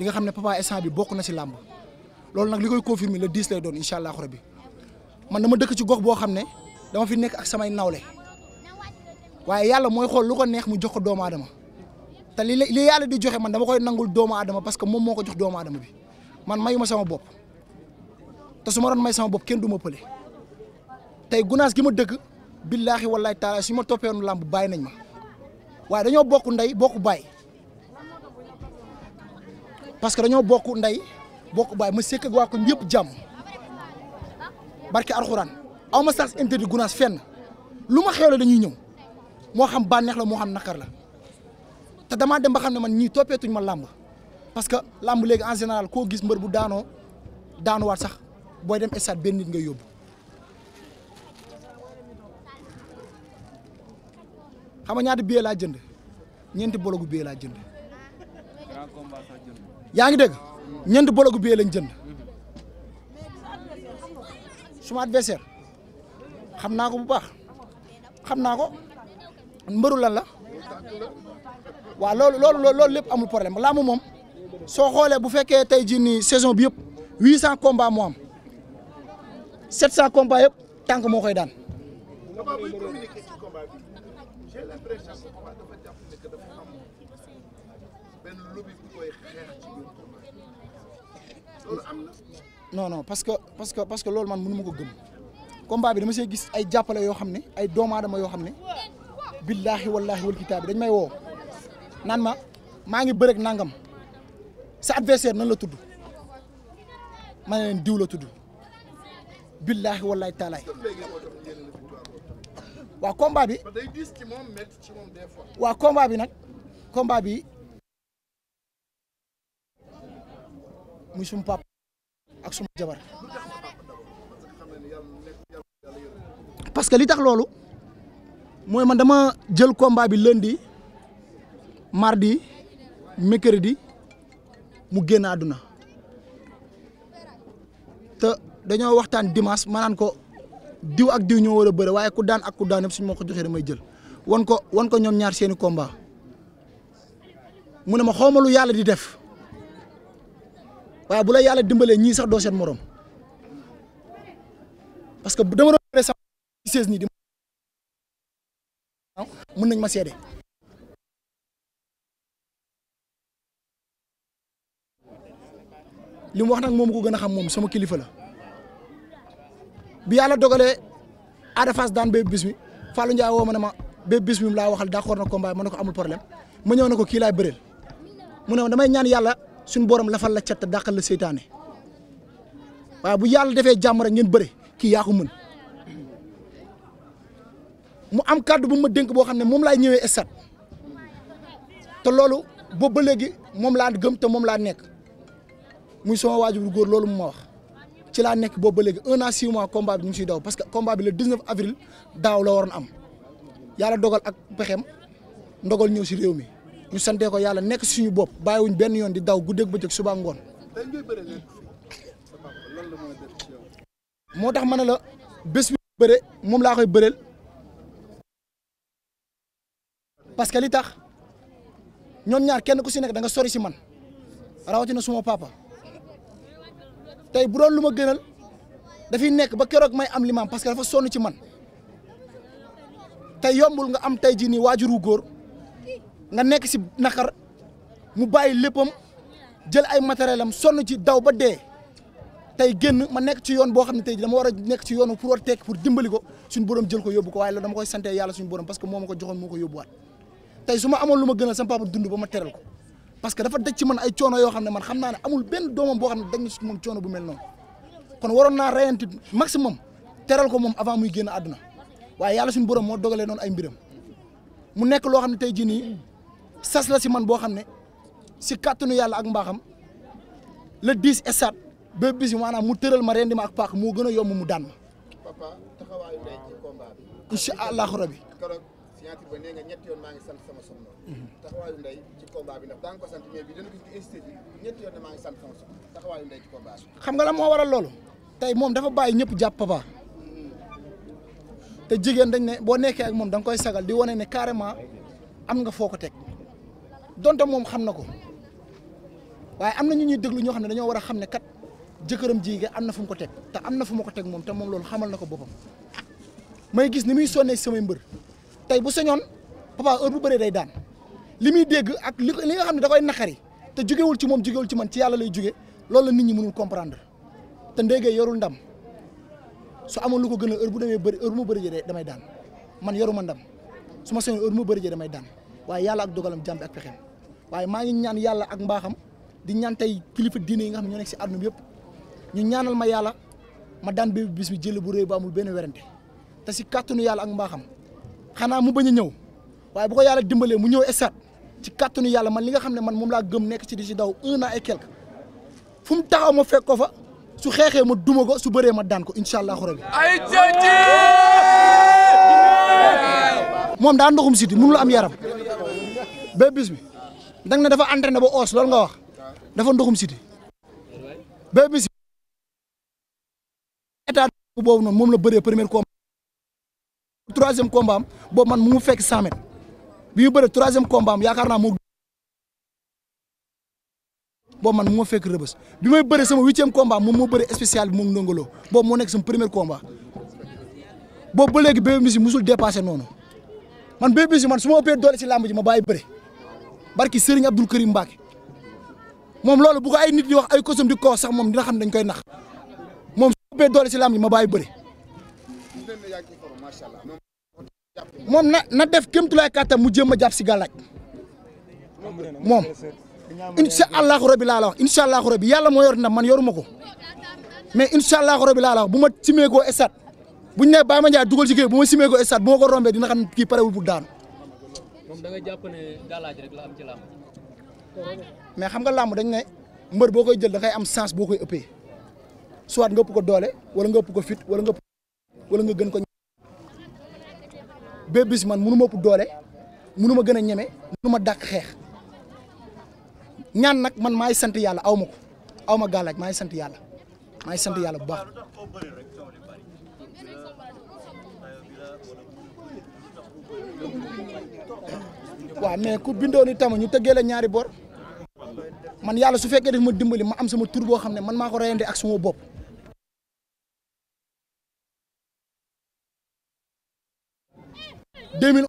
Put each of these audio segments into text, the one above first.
li nga xam ne papa instant bi bokk na si làmb loolu nag li koy confirmer le 10 lay doon incha allah bi man dama dëkk ci gox boo xam ne dama fi nekk ak samay nawle waaye yàlla mooy xool lu ko neex mu jox ko doomu aadama te li li yàlla di joxe man dama koy nangul doomu adama parce que moom moo ko jox doomu aadama bi man mayu ma sama bopp te su ma doon may sama bopp kenn du ma pële tey gunaas gi ma dëkk billaahi wallaahi taala su ma toppee woon làmb bàyyi nañ ma waaye dañoo bokk ndey bokk bàyyi. parce que dañoo bokk ndey bokk baay ma sekk ak waa ko ñëpp jàmm barke alxuraan aw ma sens interdit gunaas fenn lu ma xewle dañuy ñëw moo xam bànneex la moo xam naqar la te damaa dem ba xam ne man ñii toppeetuñ ma làmb parce que làmb léegi en général koo gis mbër bu daanoo daanuwaat sax booy dem stade benn nit ngay yóbbu xam a ñaata billet laa jënd ñeenti bologu billet laa jënd. yaa ngi dégg ñeent bologu biyee lañ jënd suma adversaire xam naa ko bu baax xam naa ko mbëru lan la waaw loolu loolu loolu lépp amul problème laa mu moom soo xoolee bu fekkee tey jii nii saison bi yëpp huit cent combats moo am sept cent combats yëpp tànk moo koy daan. non non parce que parce que parce que loolu man mënu ma ko gëm combat bi dama see gis ay jàppale yoo xam ne ay doomaadama yoo xam ne billaahi wallaahi wal kitaabi dañ may woo naan ma maa ngi bërëg nangam sa adversaire nan la tudd ma ne leen diw la tudd billaahi wallaahi taalaay waaw combat bi waaw combat bi nag combat bi muy suma parce que li tax loolu mooy man dama jël combat bi lundi mardi mercredi mu génn àdduna te dañoo waxtaan dimanche ma ko diw ak diw ñoo war a bëre waaye ku daan ak ku daan yëpp suñ ma ko joxee damay jël wan ko wan ko ñoom ñaar seeni combat mu ne ma xawma lu yàlla di def waaw bu la yàlla dimbalee ñii sax doo seen morom parce que dama doon bëre sama seize nii di mën nañ ma seede li mu wax nag moom ko gën a xam moom sama kilifa la bi yàlla dogalee Ada Fass daan Bébé Bismi Fallou Ndiaye woo ma ne ma Bébé laa waxal d'accord na combat ma ne ko amul problème ma ñëw na ko kii laay bëreel mu ne damay ñaan yàlla suñu borom lafal la cat dàqal la seytaane waaye bu yàlla defee jàmm rek ngeen bëre kii yaa mu am kàddu bu ma dénk boo xam ne moom laa ñëwee stade te loolu boobu ba léegi moom laa gëm te moom laa nekk muy soo waajur bu góor loolu mu ma wax ci laa nekk boobu ba léegi un an six mois mu si ñu daw parce que combat bi le 19 avril daaw la waroon am yàlla dogal ak pexem ndogal ñëw si réew mi. ñu santee ko yàlla nekk suñu bopp bàyyiwuñ benn yoon di daw guddeeg bëccëg suba ngoon. moo tax ma ne la bés bi bëre moom laa koy bëreel parce que li tax ñoom ñaar kenn ku si nekk da nga sori si man rawatina suma papa tey bu doon lu ma gënal dafiy nekk ba keroog may am limaam parce que dafa sonn ci man tey yombul nga am tey jii nii waajuru góor. nga nekk si naqar mu bàyyi léppam jël ay matériel am sonn ci daw ba dee tey génn ma nekk ci yoon boo xam ne tey dama war a nekk ci yoon pour war tekk pour dimbali ko suñu borom ko yóbbu ko waaye loolu koy sante yàlla suñu borom parce que ko joxoon moo ko yóbbuwaat tey su ma amoon lu ma ko parce que dafa daj ci man ay coono yoo xam ne man xam naa ne amul benn doomam boo xam ne daj na ci moom coono bu mel noonu kon waroon naa reyanti maximum teral ko moom avant muy génn àdduna waaye yàlla suñu borom moo dogalee noonu ay mbiram mu nekk loo xam ne tey ji nii sas la si man boo xam ne si kàttanu yàlla ak mbaaxam le 10 estat ba bis maanaam mu tëral ma rendi ma ak paak moo gën a yomb mu daan ma. papa bi. incha allahu rabi. keroog signature sant sama soxna. bi ndax daa nga ko sant mais xam nga la moo war a loolu. tey moom dafa bàyyi ñëpp jàpp papa. te jigéen dañ ne boo nekkee ak moom da nga koy sagal di wane ne carrément am nga foo ko teg. donte moom xam na ko waaye am na ñu ñuy déglu ñoo xam ne dañoo war a xam ne kat jëkkëram ji am na fu mu ko teg te am na fu ma ko teg moom te moom loolu xamal na ko boppam may gis ni muy sonnee samay mbër tey bu sañoon papa heure bu bëree day daan li muy dégg ak li li xam ne da koy naqari te jugewul ci moom jugewul ci man ci yàlla lay juge loolu la nit ñi mënul comprendre te ndéegee yorul ndam su amoon lu ko gën a bu demee bëri heure bu bëri jee damay daan man yoruma ndam su ma sañoon heure bëri damay daan waaye yàlla dogalam jàmbi ak waaye maa ngi ñaan yàlla ak mbaaxam di ñaan kilifa diine yi nga xam ñoo nekk si àdduna bi yëpp ñu ñaanal ma yàlla ma daan Bébé Bismi jël bu rëy bu benn werante te si kàttanu yàlla ak mbaaxam xanaa mu bañ a ñëw waaye bu ko yàlla dimbalee mu ñëw estat ci kàttanu yàlla man li nga xam ne man moom laa gëm nekk ci di si daw un an et fu mu taxaw ma fekk ko fa su xeexee ma duma ko su bëree ma daan incha allah xorabi. ay jëji. moom daa ndoxum siti am yaram Bismi. danga na dafa entraîné ba os loolu nga wax dafa ndoxum siti Bébé Bismi état boobu moom la bëree premier combat troisième combat man mu ngi fekk cent mètres bi ñu bëree troisième yaakaar naa moo boobu man mu ma fekk rëbës bi may bëree sama huitième combat moom moo bëree spécial bi moom ndongoloo boobu moo nekk sama premier boobu ba léegi Bébé Bismi musul dépassé noonu man Bébé Bismi man su ma ëppee doole si làmb ma bàyyi bëri barki Serigne Abdoul Karim Mbacke moom loolu bu ay nit di wax ay kosam di ko sax moom dina xam dañ koy nax moom su ëppee doole si laam li ma baay bëri moom na na def kémtulaay kàttam mu jéem a jàpp si gàllaaj moom incha allahu rabi laa la wax incha allahu rabi yàlla moo yor ndam man yoruma ko mais incha allahu rabi laa la wax bu ma simee koo estat bu ñu nee Baye Mandiaye dugal ci kii bu ma simee koo estat bu ma ko dina xam kii parewul pour daanu moom da nga jàpp ne galaaj rek la am ci mais xam nga làmb dañ ne mbër boo koy jël da am sens boo koy ëppee soit nga ëpp ko doole wala nga ëpp ko fit wala nga wala nga gën ko. Bébé Bis man mënu ma doole mënu gën a ñeme mënu ma dàq xeex ñaan nag man maay sant yàlla aw ma ko aw ma galaaj maay sant yàlla maay sant yàlla bu baax. waaw mais ku bindoon itam ñu tëggee la ñaari bor man yàlla su fekkee daf ma dimbali ma am sama tur boo xam ne man maa ko reyandi ak sama bopp. deux mille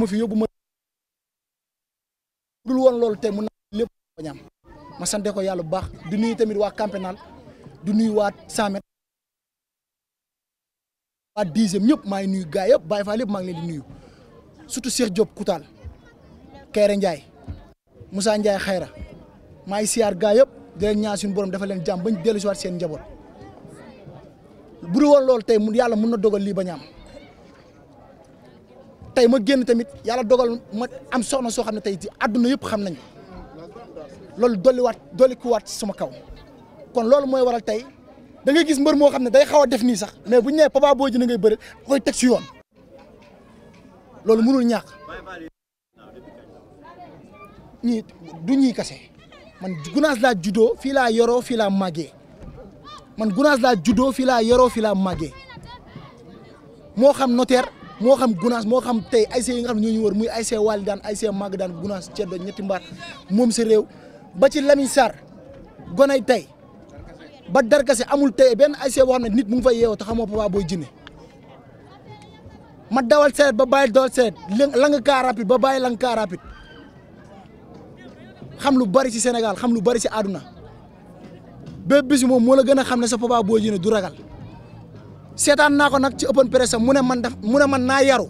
ma fi woon loolu tey mu naa lépp ñam ma sante ko yàlla bu baax du nuyu tamit waa Camp du nuyu waa 100 mètres waa dixième ñëpp maa ngi nuyu gaa yëpp Baye Fall yëpp maa ngi leen di nuyu surtout Cheikh Diop Koutal Kéré Ndiaye Moussa Ndiaye xayra maa ngi siyaar gaa yëpp di leen ñaan suñu borom dafa leen jàmm bañ dellu si waat seen njaboot bu dul woon loolu tey yàlla mun na dogal lii bañ am tey ma génn tamit yàlla dogal ma am soxna soo xam ne tey ci àdduna yëpp xam nañ loolu dolliwaat dolli kuwaat suma kaw kon loolu mooy waral tey da ngay gis mbër moo xam ne day xaw a def nii sax mais bu ñu nee Papa Boy Djiné ngay bëri koy teg si yoon loolu mënul ñàkk. ñii du ñuy kase man Gunaas laa juddoo fii laa yoroo fii laa màggee man Gunaas laa juddoo fii laa yoroo fii laa moo xam notaire moo xam Gunaas moo xam tey ay see yi nga xam ne ñoo ñu wër muy ay see wàll daan ay see màgg daan Gunaas ceddo ñetti mbaar moom si réew ba ci Lamine Sarr gonay tey ba darkase amul tey benn ay see boo xam ne nit mu fa fay yeewoo te xamoo Papa Boy Djiné ma dawal seet ba bàyyi dawal seet lang kaa rapide ba bàyyi lang kaa rapide xam lu bari ci Sénégal xam lu bari si àdduna Bébé Bismi moom moo la gën a xam ne sa Papa Boy Djiné du ragal seetaan naa ko nag ci open presse mu ne man daf mu ne man naa yaru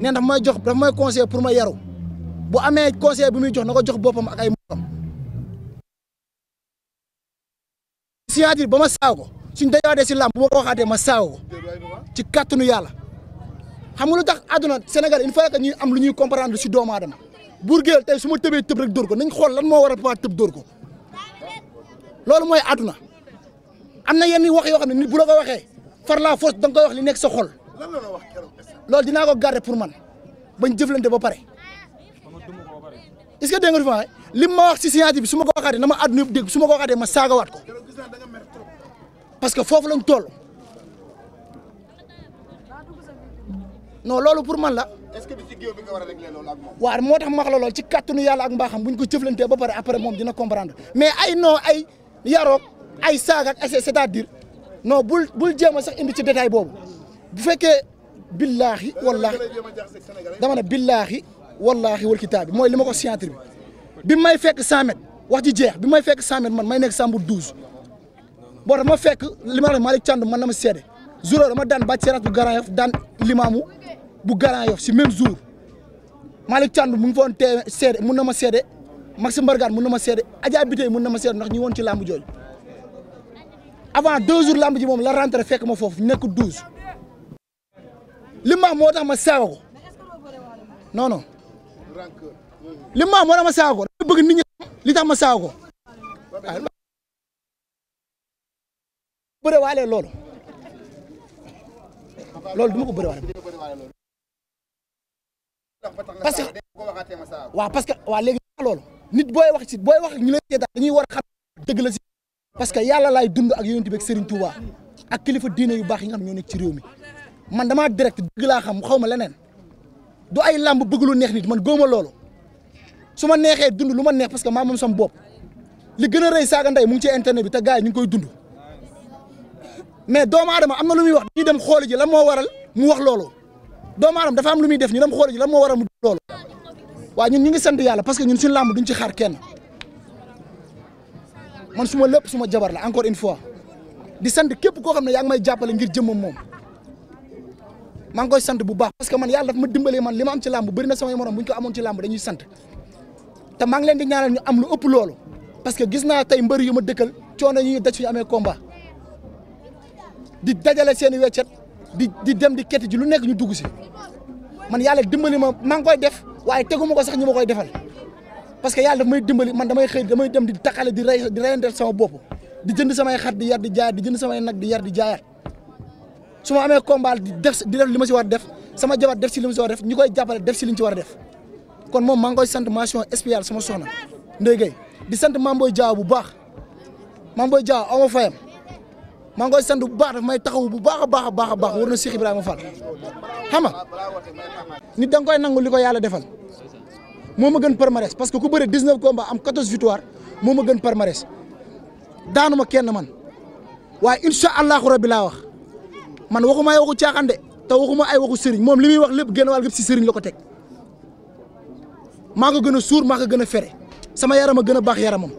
nee daf may jox daf may conseil pour ma yaru bu amee conseil bi muy jox na ko jox boppam ak ay mbokkam. signature ba ma saako ko suñ dajaatee si làmb bu ma ko waxaatee ma saaw ko ci kàttanu yàlla xam nga lu tax àdduna Sénégal il faut que ñuy am lu ñuy comprendre si doomu aadama Bour Gueweul tey ma tëbee tëb rek dóor ko nañ xool lan moo war a Papa tëb dóor ko loolu mooy àdduna am na yenn wax yoo xam ne nit bu la ko waxee far la force da nga wax li nekk sa xol loolu dinaa ko garder pour man bañ jëflante ba pare est-ce que dégg nga fi ma wax si signature bi suma ma ko waxaatee na ma àdduna yëpp dégg su ma ko waxaatee ma saagawaat ko parce que foofu lañ toll noo loolu pour man la. géew bi a régler moo tax ma wax la lool ci kàttanu yàlla ak mbaaxam bu ñu ko jëflantee ba pare après moom dina comprendre mais ay non ay yaroog ay saag ak c'est-à-dire non bul bul jéem a sax indi ci détail boobu bu fekkee billaahi wallaahi dama ne billaahi wallaahi wal kitaabi mooy li ma ko scientifique bi bi may fekk 100 wax ji jeex bi may fekk 100 man may nekk Sambour 12 boo tax ma fekk li ma la wax Malick man na ma seede jour dama daan bàcc séeraat bu Grand Yoff daan limaamu bu Grand Yoff si même jour. Malick Thiandoum mu ngi foon tee seede mun na ma seede Maxime Mbargane mun na ma seede Adja Biteye mun na ma seede ndax ñu woon ci làmb jooju avant deux jours làmb moom la rentrée fekk ma foofu nekk douze li ma moo tax ma saaga ko non non li ma moo tax ma saaga ko li tax ma saaga ko bëre waalee loolu loolu du ko bëre waale parce que waaw parce que waaw léegi loolu nit booy wax ci booy wax ñu lay seetaan dañuy war a xam dëgg la si parce que yàlla laay dund ak yonent bi ak Serigne Touba ak kilifa diine yu baax yi nga xam ñoo nekk ci réew mi man damaa direct dëgg laa xam xaw ma leneen du ay làmb bëgg lu neex nit man góoma loolu su ma neexee dund lu ma neex parce que maa moom sama bopp li gën a rëy saaga ndey mu ngi ci internet bi te gaa yi ñu ngi koy dund mais doomu aadama am na lu muy wax dañuy dem xool ji lan moo waral mu wax loolu. doomu aadama dafa am lu muy def ñu dem xool ji lan moo war a mu loolu waaye ñun ñi ngi sant yàlla parce que ñun suñu làmb duñ ci xaar kenn man suma ma lépp jabar la encore une fois di sant képp koo xam ne yaa ngi may jàppale ngir jëmmam moom maa ngi koy sant bu baax parce que man yàlla daf ma dimbalee man li ma am ci làmb bëri na samay moo bu ñu ko amoon ci làmb dañuy sant te ngi leen di ñaanal ñu am lu ëpp loolu parce que gis naa tey mbëri yu ma dëkkal coono yi ñuy daj fi amee combat di dajale seen i weccet di di dem di ketti ji lu nekk ñu dugg si man yàlla dimbali ma maa ngi koy def waaye tegu ma ko sax ñu ma koy defal parce que yàlla daf may dimbali man damay xëy damay dem di taxale di rey di reyanteel sama bopp di jënd sama xar di yar di jaayaat di jënd samay nag di yar di jaayaat su ma amee combat di def di def li ma si war def sama jabar def si li ma si war def ñu koy jàppale def si li ñu si war a def kon moom maa ngi koy sant mention spéciale sama soxna Ndeye Gueye di sant Mame Boye Diao bu baax Mame Boye Diao aw maa ngi koy sant bu baax daf may taxaw bu baax a baax a baax a baax war na Cheikh Ibrahima Fall xam nga nit da nga nangu li ko yàlla defal moo ma gën palmarès parce que ku bëre 19 combats am 14 victoire moo ma gën palmarès daanu ma kenn man waaye incha allahu rabi laa wax man waxuma ay waxu caaxaan de te waxuma ay waxu sëriñ moom li muy wax lépp génn wàll si sëriñ la ko teg maa ko gën a suur maa ko gën a fere sama yaram a gën a baax yaramam.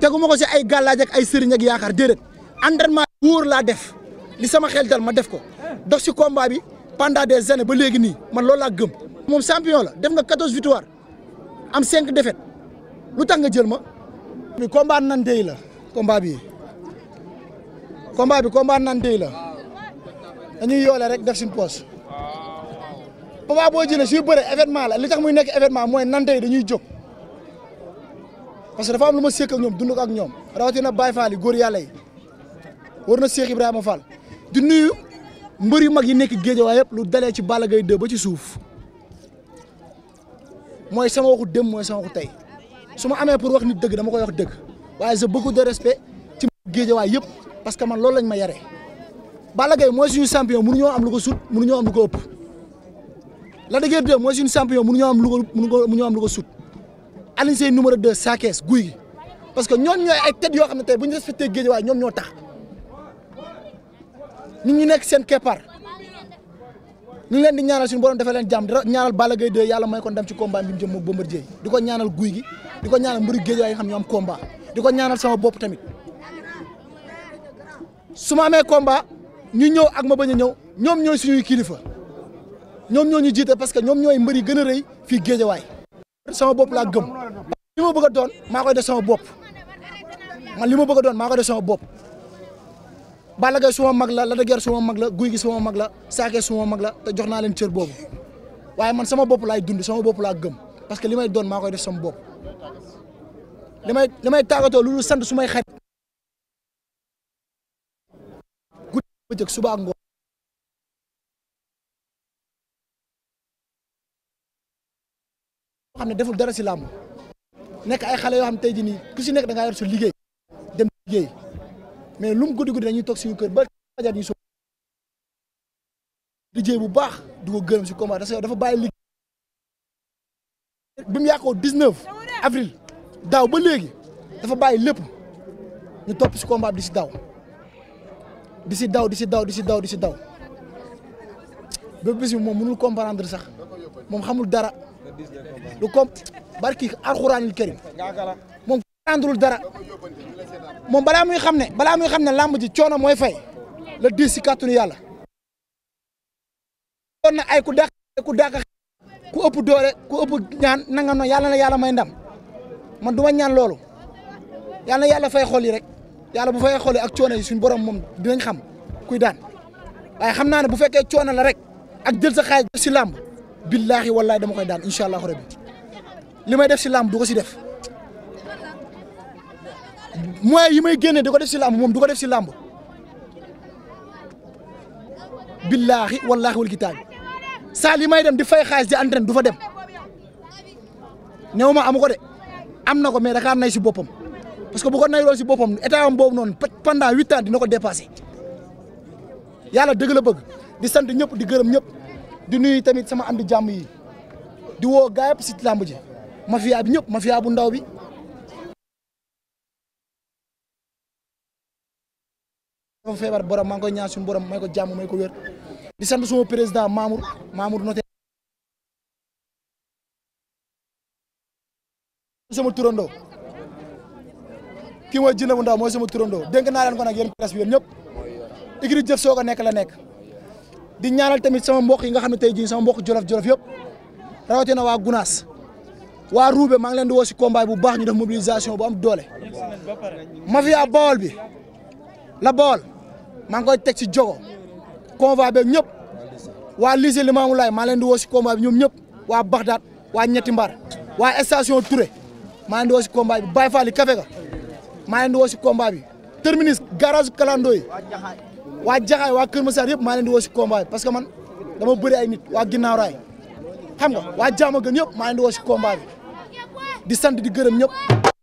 teguma ko si ay gàllaaj ay sëriñ ak yaakaar déedéet entraînement wóor laa def li sama xel ma def ko dox si combat bi pendant des années ba léegi nii ma loolu laa gëm. moom champion la def nga 14 victoires am 5 défaites lu tax nga jël ma. bi combat nan dey la combat bi combat bi combat nan dey la dañuy yoole rek def suñu poche Papa Boy Djiné suy bëre événement la li tax muy nekk événement mooy nan dañuy jóg. parce que dafa am lu ma séq ak ñoom dund ak ñoom rawatina Baye Fall yi góor yàlla yi war na Cheikh Ibrahima Fall di nuyu mbër yu mag yi nekk géej yëpp lu dalee ci Balla gay 2 ba ci suuf mooy sama waxu dem mooy sama waxu tey su ma amee pour wax ni dëgg dama koy wax dëgg waaye je beaucoup de respect ci géej géejawaay yëpp parce que man loolu lañ ma yaree Balla Gaye mooy suñu champion mënuñoo am lu ko sut mënuñoo am lu ko ëpp la Lac de Guiers 2 mooy suñu champion mënuñoo am lu ko mënuñoo am lu ko sut Alioune Seye numéro 2 Sakes guy gi parce que ñoom ñooy ay tête yoo xam ne tey bu ñu respecté géej waaye ñoom ñoo tax nit ñi nekk seen keppaar ñu ngi leen di ñaanal suñu borom defee leen jàmm dara ñaanal Balla Gaye 2 yàlla may ko ndam ci combat bi mu jëm moom Bombardier di ko ñaanal guy gi di ko ñaanal mbiru géej waaye xam ñoo am combat di ko ñaanal sama bopp tamit su ma ñu ñëw ak ma bañ ñëw ñoom ñooy suñuy kilifa ñoom ñoo ñu jiite parce que ñoom ñooy mbër yi gën rëy fii géejawaay sama bopp laa gëm li ma bëgg a doon maa koy def sama bopp man li ma bëgg doon maa koy def sama bopp Balla suma mag la Lac de suma mag la guy gi suma mag la Saké suma mag la te jox naa leen cër boobu waaye man sama bopp laay dund sama bopp laa gëm parce que li may doon maa koy def sama bopp li may li may tàggatoo sant su may xarit guddi bëccëg ngoon xam ne deful dara si làmb nekk ay xale yoo xam tey ji nii ku si nekk da ngaa yor su liggéey dem liggéey mais lum guddi guddi dañuy toog suñu kër ba fajar ñu soo liggéey bu baax du ko gërëm si combat dafa bàyyi liggéey bi mu yàqoo 19 avril daaw ba léegi dafa bàyyi lépp ñu topp si combat di si daw di si daw di si daw di si daw di si daw ba bis moom mënul comprendre sax moom xamul dara. du comme barki alxuraanul karim moom andrul dara moom balaa muy xam ne balaa muy xam ne làmb ji coono mooy fay la diis si kàttanu yàlla doon na ay ku dàq ku dàq ku ëpp doole ku ñaan nanga no yàlla na yàlla may ndam man du ma ñaan loolu yàlla na yàlla fay xol yi rek yàlla bu fay xol ak coono yi suñu borom moom dinañ xam kuy daan waaye xam naa ne bu fekkee coono la rek ak jël sa xaalis si làmb billaahi wallaahi dama koy daan incha allahu rabi li may def si làmb du ko si def moyens yi may génne di ko def si làmb moom du ko def si làmb billaahi wallaahi wal kitaabi saal yi may dem di fay xaalis di entraîne du fa dem néew ma amu ko de am na ko mais Dakar nay si boppam parce que bu ko nayloon si boppam état am boobu noonu pendant huit ans dina ko dépassé yàlla dëgg la bëgg di sant ñëpp di gërëm ñëpp. di nuyu tamit sama am di yi di woo gaa yëpp si làmb ji mafia bi ñëpp mafia bu ndaw bi. dafa feebar borom maa ngi koy ñaan borom may ko jàmm may ko wér di sant suma président Mamour Mamour note sama turandoo kii mooy jënd bu ndaw mooy sama turandoo dénk naa leen ko nag yéen presse bi ñëpp igri jëf soo ko nekk la nekk. di ñaanal tamit sama mbokk yi nga xam ne tey jii sama mbok jolof-jolof yëpp na waa Gunaas waa Roubaix maa ngi leen di woo si combat bu baax ñu def mobilisation bu am doole. mafia Bawol bi la Bawol maa ngi koy teg si jogo convoi beeg ñëpp waa lycée Limamou Laye maa leen di woo si combat bi ñoom ñëpp waa Bagdad waa Ñetti Mbar waa station Touré maa leen di woo si combat bi Baye Fall yi Kafe ga maa leen di woo si combat bi terminis garage Kalandoo waa Jaxaay waa Kër Massar yëpp maa leen di woo si combat parce que man dama bëri ay nit waa ginnaaw raay xam nga waa jaama gën yëpp maa leen di woo si combat di sant di gërëm ñëpp